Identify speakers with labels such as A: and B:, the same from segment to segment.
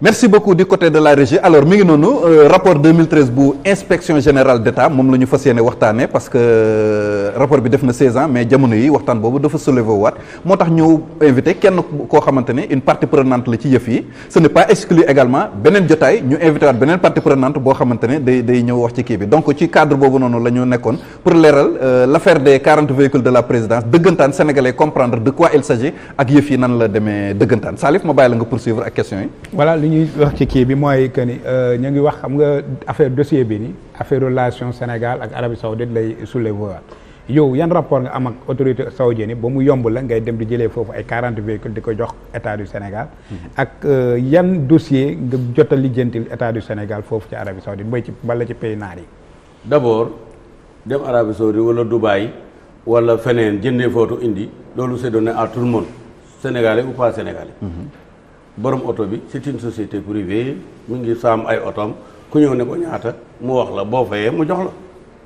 A: merci beaucoup di côté de la régie alors mi ngi noonu euh, rapport 2013 bu inspection générale d'État moom la fas yéene waxtaanee parce que euh, rapport bi def na 16 mais jamono yi waxtaan boobu dafa soulever waat moo tax ñu invité kenn koo xamante ne une parti prenante la ci yëf yi ce n'est pas exclu également beneen jotaay ñu invité waat beneen partie prenante boo xamante ne day day ñëw wax ci kii bi donc ci cadre boobu noonu la ñu nekkoon pour leeral euh, l'affaire des 40 véhicules de la présidence dëggantaan sénégalais comprendre de quoi il la demee dëggantaan Salif ma bàyyi nga poursuivre ak questions
B: ñuy wax ci kii bi mooy que ni euh, ñu ngi wax xam nga affaire dossier bi ni affaire relation Sénégal ak Arabie Saoudite lay soulever waat yow yan rapport nga am ak autorité saoudienne ba mu yomb la ngay dem di jëlee foofu ay quarante véhicules di ko jox état du Sénégal. Hmm. ak euh, yan dossier nga jot a lijjantil état du Sénégal foofu ci Arabie Saoudite mooy ci wala ci pay naar yi.
C: d' abord dem Arabie Saoudite wala Dubaï wala feneen jëndee footu indi loolu c'est donné à tout le monde sénégalais ou pas mm-hmm. borom oto bi c'est une société privée mu ngi saam ay am ku ñëw ne ko ñaata mu wax la boo fayee mu jox la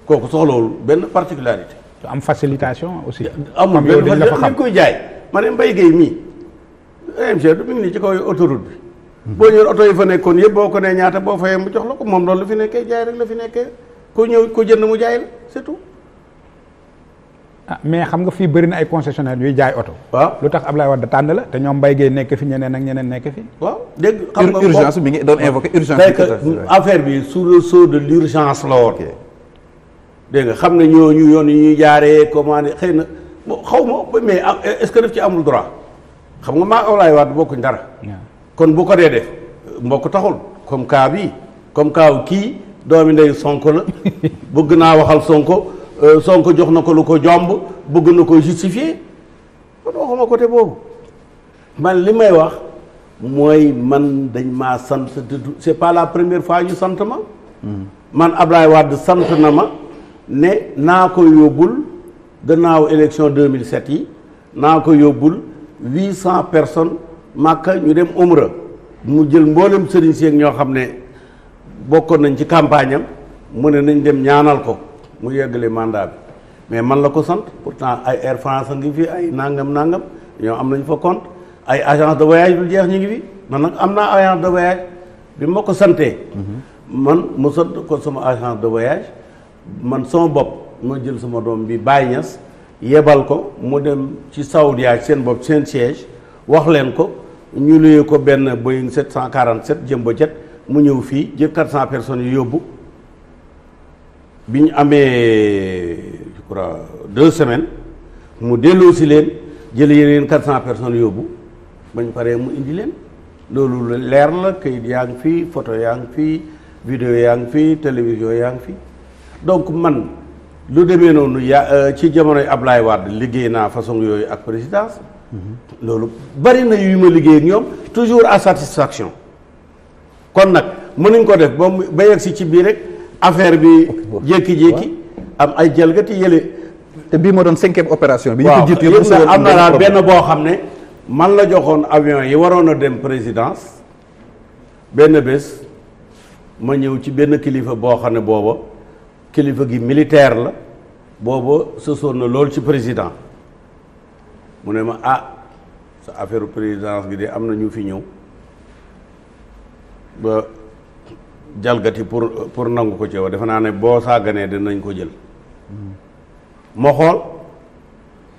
C: kooku soxlawul benn particularité.
B: am facilitation aussi. amul benn dañ la koy jaay.
C: ma ne Mbaye Guèye mii AMG du mu ngi ci kaw autoroute bi. boo ñëwee oto yi fa nekkoon yëpp boo ko nee ñaata boo fayee mu jox la ko moom loolu la fi nekkee jaay rek la fi nekkee ku ñëw ku jënd mu jaay la c'est
B: ah mais xam nga fii bëri na ay concessionnaire yuy jaay oto. waaw lu tax Ablaye Wade tànn la te ñoom Mbaye Guèye nekk fi ñeneen ak ñeneen nekk fi. waaw
C: dégg xam nga urgence bi ngi doon invoqué urgence. affaire bi sous le sceau de l'urgence la nga xam ne yoon yi ñuy jaaree commandé xëy na xaw ma mais ah, ce que daf ci amul droit xam nga maa Ablaye bokkuñ dara. kon bu ko dee def mbokk taxul comme cas bi comme cas kii doomi ndey sonk la bëgg naa waxal sonk Euh, Sonko jox na ko lu ko jomb bëgg na ko justifier man waxuma côté boobu man li may wax mooy man dañ ma sant te du c'est pas la première fois ñu sant ma. man Ablaye Wade sant na ma ne naa ko yóbbul gannaaw élection 2007 yi naa ko yóbbul huit cent personnes Màkka ñu dem Umra mu jël mboolem sëriñ si ñoo xam ne bokkoon nañ ci campagne am mu ne nañ dem ñaanal ko. mu yeggalee mandat bi mais man la ko sant pour pourtant ay Air France ngi fi ay nangam nangam ñoo am nañ fa compte ay agence de voyage du jeex ñu ngi fi man nag am naa agence de voyage bi ma ko santee man mu sant ko sama agence de voyage man sama bopp ma jël suma doom bi Baye Niass yebal ko mu dem ci Saudia seen bopp seen siège wax leen ko ñu luyee ko benn Boeing 747 jëmbo jet mu ñëw fii jël 400 personnes yu yóbbu bi ñu amee je crois deux semaines mu delloo si leen jël yeneen quatre cent personnes yóbbu ba ñu paree mu indi leen loolu leer la kayit yaa ngi fi photo yaa ngi fi vidéo yaa ngi fi télévision yaa ngi fi donc man lu demee noonu yaa euh, ci jamonoy Ablaye Wade liggéey naa façon yooyu ak présidence mhm. loolu bari na yu ma liggéey ak ñoom toujours à satisfaction kon nag mënuñ ko def ba mu ba yegg si ci biir rek affaire bi jékki-jékki am ay jalgati yële. te bii ma doon cinquième opération bi. waaw yëpp am na daal benn boo xam ne man la joxoon avion yi waroon a dem présidence benn bés ma ñëw ci benn kilifa boo xam ne booba kilifa gi militaire la booba sosoon na lool ci président mu ne ma ah sa affaire présidence gi de am na ñu fi ñëw jalgati pour pour nangu ko ci yow defe naa ne boo sàgganee dinañ ko jël ma xool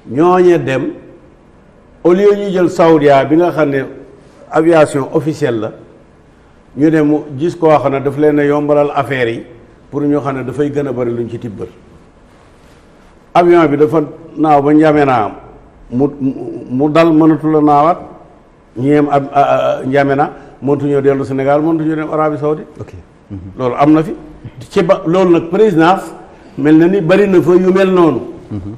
C: ñooñe dem au lieu ñu jël Saudia bi nga xam ne aviation officielle la ñu ne mu gis koo xam ne daf leen a yombalal affaires yi pour ñu xam ne dafay gën a bari luñ ci tibbal avion bi dafa naaw ba N'Djamena mu mu dal mënatu la naawaat ñeem ab N'Djamena mënatuñoo dellu Sénégal moom mënatuñoo dem Arabie Saoudite ok mm-hmm. loolu am na fi ci ba loolu nag présidence mel na ni bari na fa yu mel noonu mm-hmm.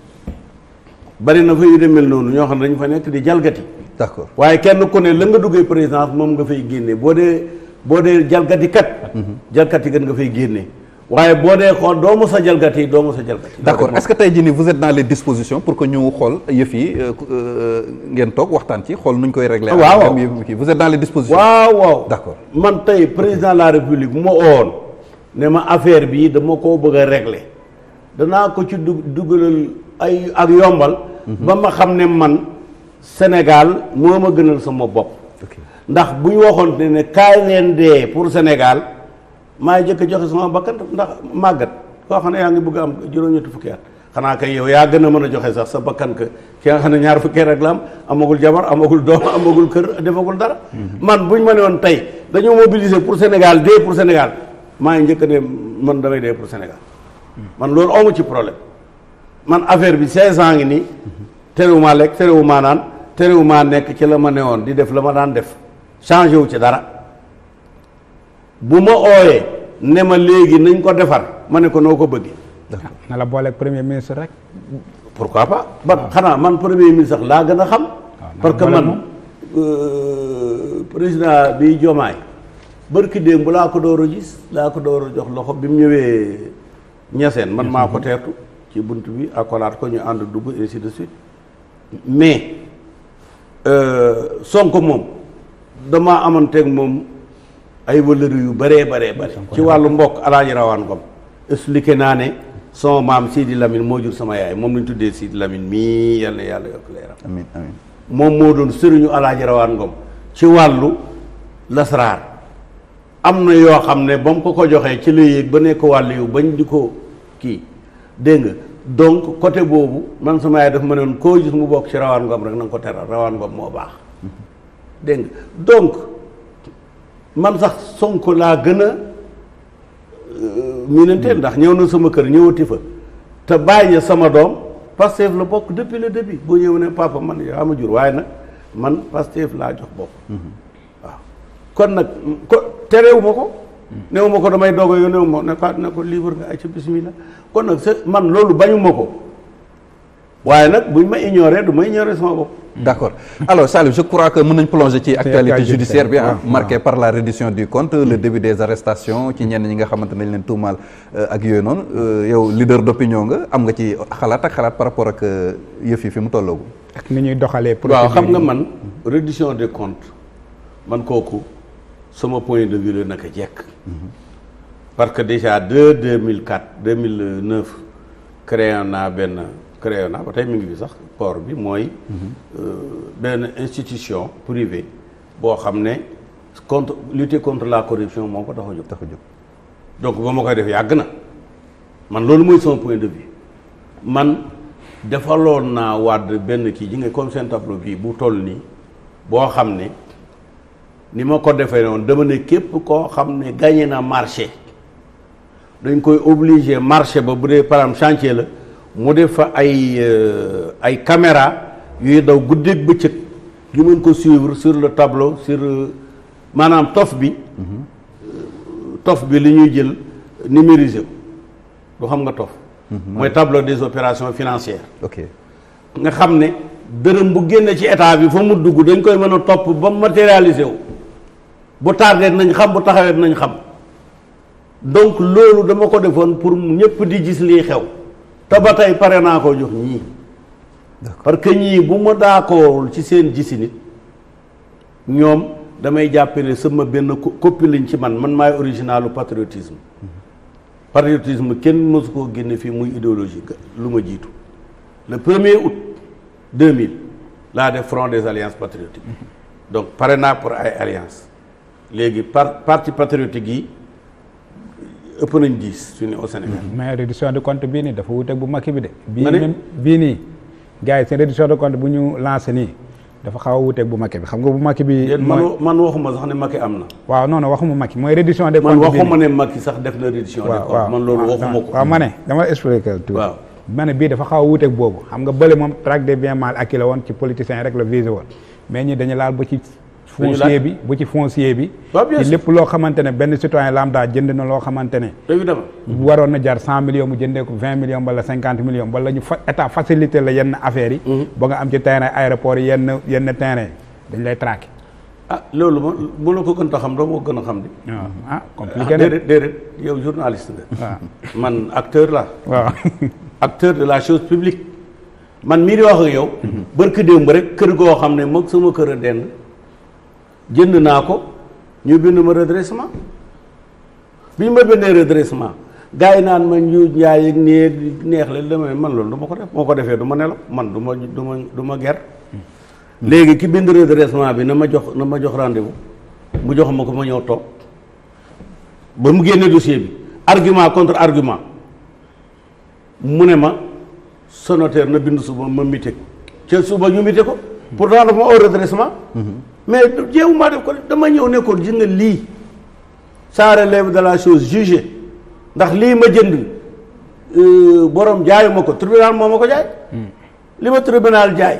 C: bari na fa yu de mel noonu ñoo xam ne dañu fa nekk di jalgati d'accord waaye kenn ku ne la nga duggee présidence moom nga fay génne boo dee boo dee jalgati kat mm-hmm. jalgati gën nga fay génne waaye boo dee xool doo mos a jalgati doo mos a jalgati.
A: d'accord est-ce que tey jii nii vous êtes dans les dispositions pour que ñu xool yëf yi euh, euh, ngeen toog waxtaan ci xool nuñ koy régler. waaw vous êtes dans les dispositions. waaw waaw d'accord man tey président de la république bu ma owoon ne ma affaire bi dama koo
C: bëgg a danaa ko ci dugalal ay ak yombal. Mhm. ba ma xam ne man Sénégal moo ma gënal sama bopp. ndax bu ñu waxoon ne kaay leen dee pour Sénégal. maa ngi jëkk joxe sama bakkan ndax màggat koo xam ne yaa ngi bëgg am juróom-ñetti fukki at xanaa kay yow yaa gën a mën a joxe sax sa bakkan ka ki xam ne ñaar fukki rek la am amagul jabar amagul doom amagul kër defagul dara. Mhm. man bu ñu ma ne woon tey dañoo mobiliser pour Sénégal dee pour Sénégal maa ngi njëkk ne man damay dee pour Sénégal. Mhm. man loolu amu ci problème man affaire bi 500 ngi nii mhm. terewumaa lekk terewumaa naan terewumaa nekk ci la ma ne woon di def la ma daan def changé wu ci dara. bu ma ooyee ne ma léegi nañ ko defar ma ne ko noo
B: ko bëggee. na la booleeg premier ministre rek.
C: pour quoi pas ba ah. xanaa man premier ministre laa gën a xam. Ah, parce que man euh, président bi Diomaye bërki démb bu laa ko door a gis laa ko door jox loxo bi mu ñëwee ñaseen man maa ko teertu ci bunt bi ak akolaat ko ñu ànd dugg et ainsi de suite mais euh, Sonko moom damaa amanteeg moom ay wëllëru yu bëree bëree bëri ci wàllu mbokk alaaji rawaan ngom expliqué naa ne sama maam Sidi Lamine moo jur sama yaay moom lañ tuddee Sidi Lamine mii yal na yàlla yokk leeram amiin moom moo doon sëriñu alaaji rawaan ngom ci wàllu lasraar am na yoo xam ne ba mu ko ko joxee ci la yéeg ba nekk wàll yu bañ di ko kii dégg nga donc côté boobu man sama yaay daf ma ne woon koo gis mu bokk ci rawaan ngom rek na ko teral rawaan ngom moo baax mm-hmm. dégg donc man sax sonk laa gën a euh, miinanteel ndax ñëw na sama kër ñëwati fa te bàyyi sama doom Pastef la bokk depuis le début boo ñëw ne papa man yaa ma jur waaye nag man Pastef laa jox bopp mhm. waaw kon nag ko terewu ma ko mhm. néew ma ko damay doog a yónneewu ma ne ko ne ko livre nga ay ci bismillah kon nag man loolu bañuma ko waaye nag buñ ma ignoré du ma
A: ignoré sama bopp. d' accord alors Salif je crois que mën nañ plonger ci actualité judiciaire bi ah marqué par la reddition du compte le début des arrestations ci ñenn ñi nga xamante nañ leen tuumaal euh, ak yooyu noonu euh, yow leader d' opinion nga am nga ci xalaat ak xalaat par rapport ak euh, yëf yi fi mu tolloogu
B: ak ni ñuy doxalee procédure waaw xam nga man
A: reddition des comptes man kooku
C: suma point de vue la naka jekk mhm. parce que déjà de 2004 2009 créé naa benn créé na ba tey mi ngi fi sax port bi mooy euh, benn institution privée boo xam ne contre lutter contre la corruption moo ko tax a jóg tax a donc ba ma koy def yàgg na man loolu mooy son point de vue man defaloon naa wadd benn kii ji nga comme seen tableau bii bu toll nii boo xam ne ni ma ko defee noonu dama ne képp koo xam ne gagné na marché dañ koy obligé marché ba bu dee par exemple chantier la mu def fa ay euh, ay kamera yuy daw guddeeg bëccëg ñu mën ko suivre sur le tableau sur euh, maanaam tof bi mhm. euh, tof bi li ñuy jël numériser ko du xam nga tof mhm. mooy tableau des opérations financières ok nga xam ne dërëm bu génne ci état bi fa mu dugg dañ koy mën a topp ba matérialiser wu bu tardé nañ xam bu taxaweet nañ xam donc loolu dama ko defoon pour ñëpp di gis lii xew te ba tey pare naa ko jox ñii parce que ñii bu ma daakoorul ci seen gisi nit ñoom damay jàppe sama benn copie lañ ci man man maay originalu patriotisme mm-hmm. patriotisme kenn mësu koo génne fii muy idéologie lu ma jiitu le premier août mille laa def front des alliances patriotiques mm-hmm. donc pare naa pour ay alliance léegi par parti patriotique yi ëpp nañ dix su ne au Sénégal. Mhm.
B: mais réduction de compte bii nii dafa wuute bu Macky bi de. bii même bii nii gars yi seen réduction de compte bu ñu lancé nii dafa xaw a wuuteeg bu Macky bi xam nga bu Macky bi.
C: man waxuma sax ne Macky am na.
B: waaw non non waxuma Macky mooy réduction de compte bii man waxuma ne
C: Macky sax def na réduction. de compte man loolu ah, waxuma ko. waaw ma
B: dama expliqué tout. waaw bii dafa xaw a wuuteeg boobu xam nga bële moom traque des biens mal acquis woon ci politicien rek la visé foncier bi bu ci foncier bi ci lépp loo xamante ne benn citoyen lambda jënd na loo xamante ne waroon na jar cent millions mu jëndee ko vingt millions wala cinquante millions wala ñu fa état facilité la yenn affaires yi mhm. ba nga am ci terrain aéroport yenn yenn dañ lay traqué ah loolu
C: ma bu ko
B: gën a xam doo ma ko gën a xam di
C: ah, ah compliqué ah, na
B: déedéet yow journaliste nga ah.
C: man acteur la waaw acteur de la chose publique man mii di wax ak yow mhm. ba démb rek kër goo xam ne moog sama kër a dend jënd naa ko ñu bind ma redressement bi ñu ma bindee redressement gars yi naan ma ñu njaay ak neex la damay man loolu du ma ko def moo ko defee du ma nelaw man du ma du ma du ma ger léegi ki bind redressement bi na ma jox na ma jox rendez-vous mu jox ma ko ma ñëw toog ba mu génne dossier bi argument contre argument mu ne ma sonotaire na bind suba ma mite ca suba ñu mite ko pourtant dafa ma au redressement mm-hmm. mais jéewu maa def ko dama ñëw nekkoon ko lii ça relève de la chose jugée ndax lii ma jënd euh, borom jaayu ma ko tribunal moo ma ko jaay hmm. li ma tribunal jaay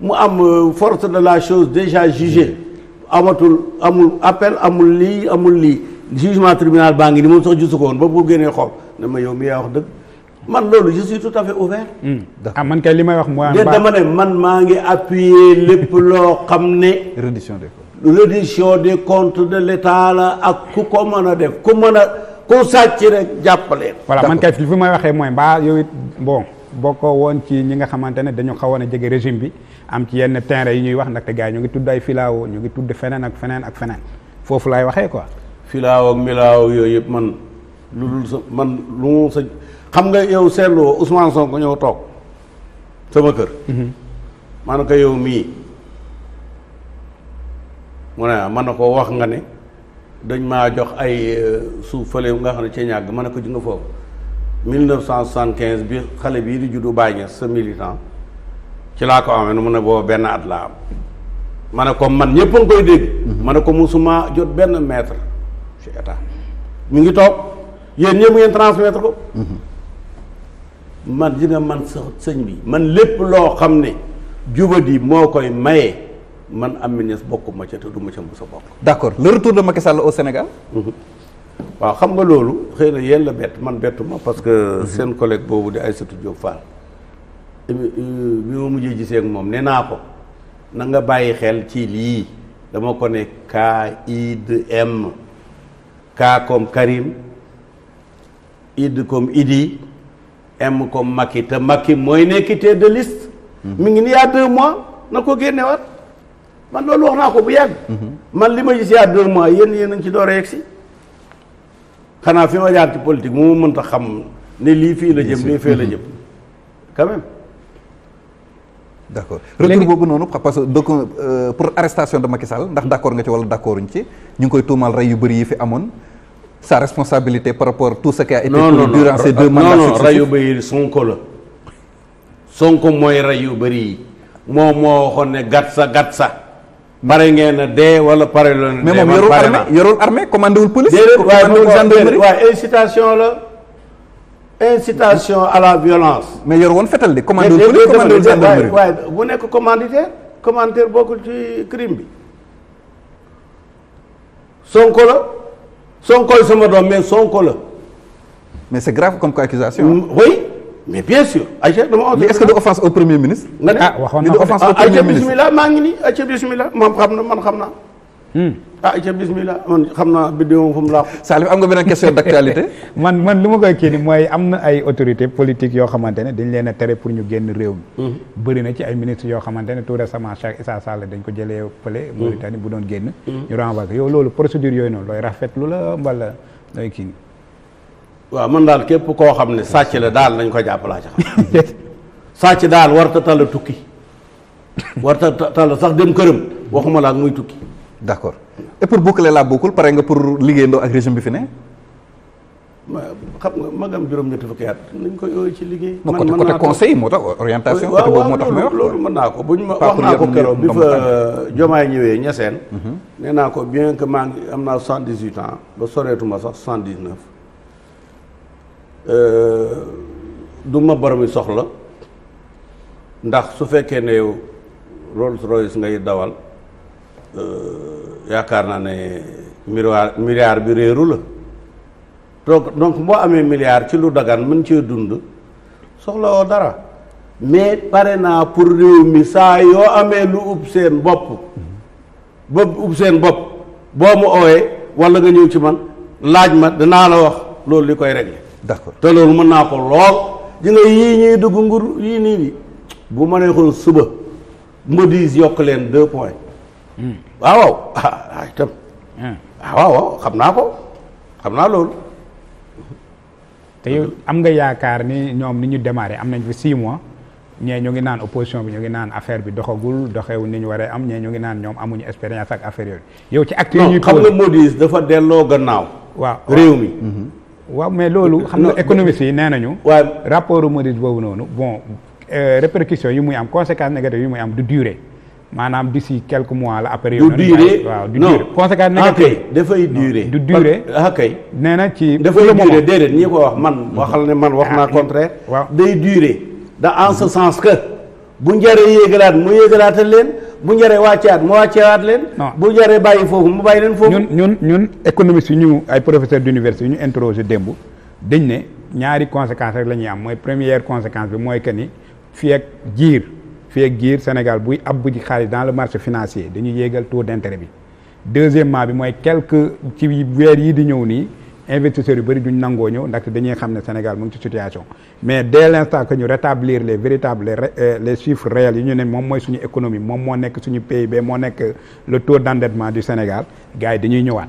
C: mu am euh, force de la chose déjà jugée hmm. amatul amul appel amul lii amul lii jugement tribunal baa ngi ni moom sax gisu ko woon ba bu génnee xool ma yow mi yaa wax dëgg man loolu je suis tout à fait ouvert.
B: Hmm. ah man kay li may wax mooy. dama
C: ne man maa ngi appuyer lépp loo xam ne. reddition de comptes. reddition des comptes de l' la ak ku ko mën a def ku mën a ku sàcc rek jàppale.
A: voilà man kay li
B: fi may waxee mooy mbaa yow it mboo bon ko woon ci ñi nga xamante ne dañu xawoon a jege régime bi am ci yenn terrain yi ñuy wax ndaxte gars yi ñu ngi tudd ay filaawo ñu ngi tudd feneen ak feneen ak feneen foofu laay waxee quoi.
C: filaawo ak milaawo yooyu yëpp man. lu dul sa man lu mu sa xam nga yow seetloo Ousmane Sonko ñëw toog sama kër. Mhm. ma ne ko yow mii mu ne ma na ko wax nga ne dañ maa jox ay euh, suuf fële nga xam ne ci ñàgg ma ne ko ji nga foofu. 1975 bi xale bii di juddu bàyyi sa militant ci laa ko amee mu ne booba benn at laa am ma ne ko man ñëpp a koy dégg. Mhm. ma ne ko musuma jot benn maître ci état ngi toog. yéen ñëpp ngeen transmettre ko man dina man sëñ bi man lépp loo xam ne jubadi moo koy maye man Ameth Niass bokkuma ca te du ma ca mës a bokk.
A: d'accord le retour de Macky
C: Sall au Sénégal. Mm-hmm. waaw xam nga loolu xëy na yéen la bett man bettuma parce que mm-hmm. seen collègue boobu di Aïssatou Diop Fall. bi ma mujjee gisee moom nee naa ko na nga bàyyi xel ci lii dama ko ne K I D comme Karim. id comme idi m comme Macky te Macky mooy nekk tête de liste. mi ngi nii y'a deux mois na ko génnewaat man loolu wax naa ko bu yàgg. man li ma gis y'a deux mois yéen yéen ngi ci doo a yegg si. xanaa fi ma jaar ci politique mu ma mënta xam ne lii fii la jëm lii fii la jëm quand même.
A: d' accord boobu noonu parce que donc euh, pour arrestation de Macky ndax d' accord nga ci wala d' accorduñ ci ñu ngi koy tuumaal rey yu bëri yi fi amoon. sa responsabilité par rapport tout ce qui a été non, non, durant ces deux mandats non non ray yu
C: bëri yi Sonko la yu bëri moom moo waxoon ne gatsa gatsa pare ngeen a wala pare yorul armée
A: yorul armée commandé la incitation à mais yor woon fetal di commandé
C: wul nekk commanditaire commanditaire bokkul ci Sonko la Sonko sama doom mais Sonko la.
A: mais c'est grave comme accusation.
C: Mm, oui mais bien sûr. ayca dama mais est que du offense au premier ministre. nga ne ah waxoon naa ko de ayca ah, bismillah maa ngi nii ayca bismillah moom xam na man xam naa. Hmm. ah ca bismillah man xam naa biddiw moom fu mu laax Salif am nga beneen question d'actualité
B: man man lu ma koy kii ni mooy am na ay autorité politique yoo xamante ne dañ leen a tere pour ñu génn réew mi hmm. bëri na ci ay ministres yoo xamante ne tout récemment Cheikh Issa Sall dañ ko jëlee fële hmm. Mauritanie bu doon génn ñu renvoyé yow loolu procédure yooyu noonu looy rafetlu la mbala looy kii ni
C: waaw man daal képp koo xam ne sàcc la daal nañ ko jàpp laa ci xam
B: sàcc daal warta tall tukki
A: warta tal sax dem këram waxuma la ak muy tukki d' accord pour boucler la boucle pare nga pour liggéeyandoo ak régime bi fi ne.
C: ma xam nga magam juróom-ñetti fukki at nañ ko yooyu ci liggéey. man mën naa ko côté conseil moo tax orientation. côté moo tax wax loolu mën naa ko buñ ma wax naa ko keroog bi fa Jomaay mhm. nee naa ko bien que maa ngi am naa soixante dix huit ans ba soreetuma sax soixante dix neuf. Euh, du ma soxla ndax su fekkee ne yow Rolls Royce ngay dawal. Euh, yaakaar naa ne milliard milliard bi réeru la donc donc boo amee milliard ci lu dagan mën cee dund soxla woo dara mais pare naa pour réew mi saa yoo amee lu ub seen bopp ba ub seen bopp boo mu oowee walla nga ñëw ci man laaj ma danaa la wax loolu li koy régler d'accord te loolu mën naa ko lool di nga yii ñuy dugg ngur yii nii bi bu ma neexoon suba mbodiis yokk leen deux points Hmm. Ah, ah, hmm. ah, waaw waaw ah itam. xam naa ko xam naa loolu.
B: te yow am nga yaakaar ni ñoom ni ñu démarré am nañ fi six mois ñee ñu ngi naan opposition bi ñu ngi naan affaire bi doxagul doxewu ni ñu waree am ñee ñu ngi naan ñoom amuñu expérience ak affaire yooyu. yow ci acte yi ñuy xam nga Moody's
C: dafa delloo gannaaw. waaw réew mi. Mhm.
B: waaw mais loolu. xam na économistes yi nee nañu. waaw rapport Moody's boobu noonu bon euh, répercussions yi muy am conséquences négatives yi muy am du durée. maanaam d'ici quelques mois la après. du durer waaw du durer. conséquence négative ah, dafay
C: durer. du durer ah, ah, nee na ci dafay durer déedéet ñi ko wax man. waxal ne man wax naa contraire. waaw day da en ce sens que. bu njaree yéegalaat mu yéegalaatal
B: leen bu njaree wàcceewaat mu wàcceewaat leen. bu njaree bàyyi foofu mu bàyyi leen foofu. ñun ñun ñun économistes yi ñu ay professeurs d'université yu ñu interroger démb dañ ne ñaari conséquences rek la ñuy am mooy première conséquence bi mooy que ni fii ak jiir. fii giir Sénégal buy abbu ji xaalis dans le marché financier dañu yéegal taux d'intérêt bi deuxièmement bi mooy quelque ci weer yi di ñëw nii investisseurs yu bëri duñ nangoo ñëw ndaxte dañuy xam ne Sénégal mu ngi ci situation mais dès l'instant que ñu rétablir les véritables les euh, chiffres réels yi ñu ne moom mooy suñu économie moom moo nekk suñu PIB moo nekk le taux d'endettement du Sénégal gars yi dañuy ñëwaat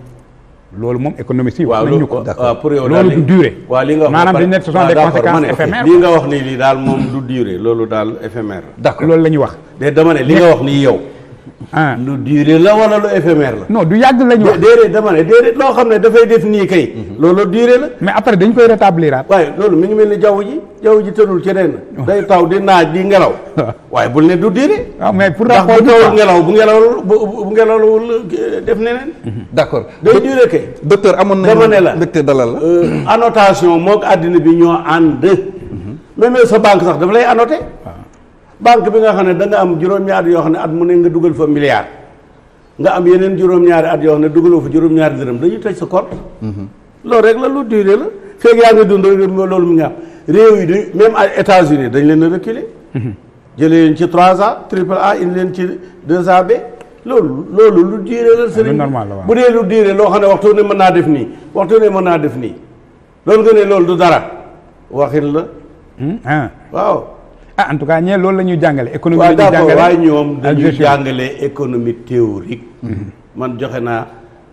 B: loolu moom économie si waaw loolu ah, pour yow loolu du durée waaw li nga wax maanaam dañ ne ce sont ah, des conséquences éphémères nga wax
C: nii lii daal moom du durée loolu daal éphémère d'accord loolu la ñuy wax de dama ne li nga wax nii yow Ah. lu duré la wala lu éphémère la. non du yàgg la ñu wax. loo xam ne dafay def nii kay. Mhm. loolu duré la. mais après dañ koy rétabliraat. waaye loolu mi ngi mel ni jaww ji jaww ji tënul ci ren. Oh. day taw di naaj di ngelaw. waaye bul ne du duré. waaw ah, mais pour ndax bu tawul ngelaw bu ngelaw la ngelaw euh, def neneen.
A: Mhm. d' accord
C: day duré kay. docteur amoon nañu dama ne la mbégte dalal la. Euh, annotation moog àddina bi ñoo ànd. Mhm. même sa banque sax daf lay annoté. Ah. banque bi nga xam ne danga nga am juróom-ñaari yoo xam ne at mu ne nga dugal fa milliard nga am yeneen juróom-ñaari at yoo xam ne dugaloo fa juróom-ñaari dërëm dañuy tey sa compte mhm. loolu rek la lu durée la feeg yaa ngi dund loolu mu ngi am réew yi dañ même ay états dañ leen a reculer mhm. jëlee leen ci trois A A indi leen ci deux B loolu loolu lu durée la sëriñ bu dee lu durée loo xam ne waxtu ne mën naa def nii waxtu ne mën naa def nii loolu nga ne loolu du dara waxin
B: la hmm? ah. waaw ah en tout cas ñee loolu la ñuy jàngale économie la ñuy jàngale waaye ñoom dañuy jàngale
C: économie théorique mhm. man joxe naa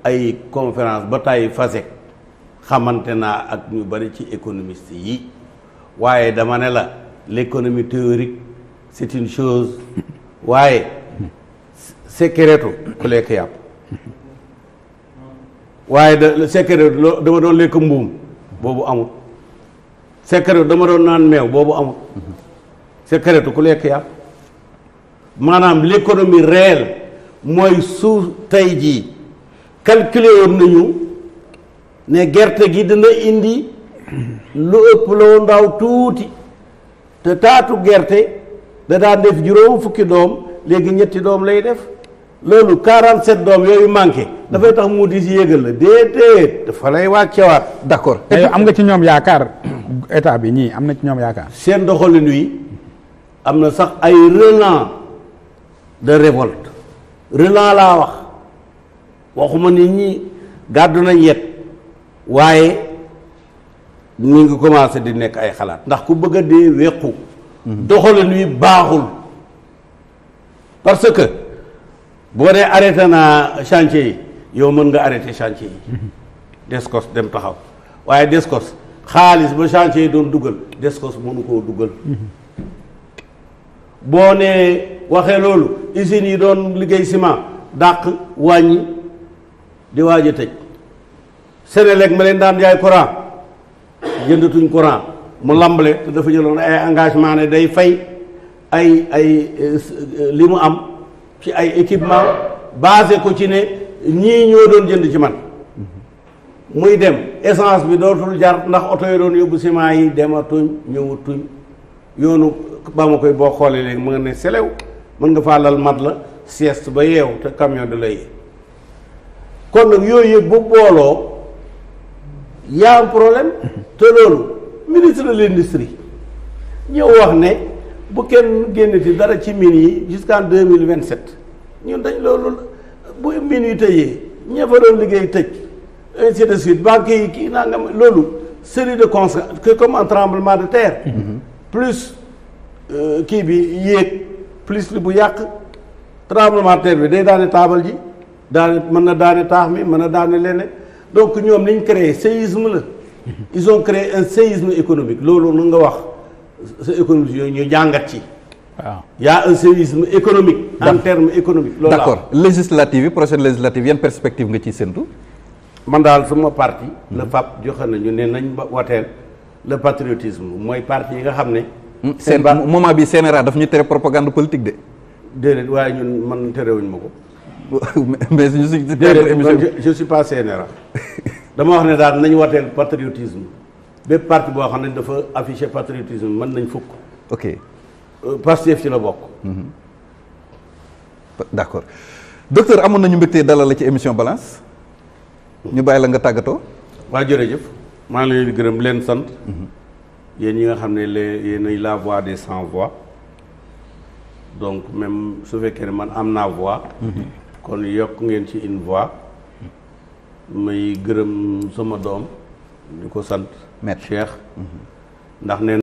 C: ay conférence ba tàyyi FASEC xamante naa ak ñu bari ci économiste yi waaye dama ne la l'économie théorique c'est une chose waaye secretu ku lekk yàpp waaye da secret dama doon lekk mbuum boobu amul secret dama doon naan meew boobu amul mhm. c'est këretu ku lekk yàpp maanaam l'économie réelle mooy su tey jii calculer nañu ne gerte gi dina indi lu ëpp loo ndaw tuuti te taatu gerte da daan def juróom fukki doom léegi ñetti doom lay def loolu 47 doom yooyu manqué dafay tax mu di si yëgal la déedéet dafa lay wàccewaat. d'accord
B: am nga ci ñoom yaakaar état bi ñii am na ci ñoom yaakaar.
C: seen doxalin wi. am na sax ay relents de révolte relents laa wax waxuma nit ñi gàddu nañ yet waaye ñu ngi commencé di nekk ay xalaat ndax ku bëgg a dee wéqu mhm. doxalin wi baaxul parce que boo dee arrêté naa chantier yi yow mën nga arrêté chantier yi mhm. descos dem taxaw waaye descos xaalis ba chantier yi doon dugal descos mënu koo dugal mhm. boo nee waxee loolu usine yi doon liggéey ciment dàq wàññi di waaj a tëj Senelec ma leen daan jaay courant jëndatuñ courant mu làmbale te dafa jëloon ay engagement ne day fay ay ay euh, li mu am ci ay équipement basé ko ci ne ñii ñoo doon jënd ci man muy dem essence bi dootul jar ndax oto yi doon yóbbu ciment yi dematuñ ñëwatuñ yoonu ma koy boo xoolee léegi mu nga ne selew mën nga faa lal mat la sieste ba yeew te camion du la yee kon nag yooyu yëpp bu booloo yaa am problème te loolu ministre de l'industrie ñëw wax ne bu kenn génn fi dara ci mines yi jusqu'en deux mille vingt sept ñun dañ loolu bu mines yu tëjee ña fa doon liggéey tëj ainsi de suite banque yi kii naa nga loolu série de conséquences comme en tremblement de terre. Mm-hmm. plus euh, kii bi yéeg plus li bu yàq tremblement bi day daane taabal ji daane mën na daane taax mi mën na daane leneen donc ñoom liñ créé séisme la ils ont créé un séisme économique loolu nu nga wax sa économie yooyu ñu jàngat ci
A: yaa y un séisme économique en terme
C: économique loolu d'accord
A: législative yi prochaine législative yan perspective nga ciy séntu
C: man daal sama parti mm-hmm. la FAP joxe nañu ne nañ ba wateel le patriotisme mooy parti yi nga xam
A: ne. Mm, seen moment bi CNRA daf ñu tere propagande politique de.
C: déedéet waaye ñun man terewuñ ma ko.
A: mais je suis. déedéet
C: je suis pas CNRA. dama wax ne daal nañu wateel patriotisme bépp parti boo xam ne dafa affiché
A: patriotisme man nañ fukk. ok euh, Pastef ci la bokk. Mm-hmm. d' accord docteur amoon nañu mbégte dalal la ci émission balance. Mm. ñu bàyyi la nga tàggatoo.
C: waa jërëjëf. maa ngi leen di gërëm leen sant. yéen yi nga xam ne les yéenay la voix des sans voix donc même su fekkee ne man am naa voix. kon yokk ngeen ci une voix. may gërëm sama doom. di ko sant. maître Cheikh. ndax nee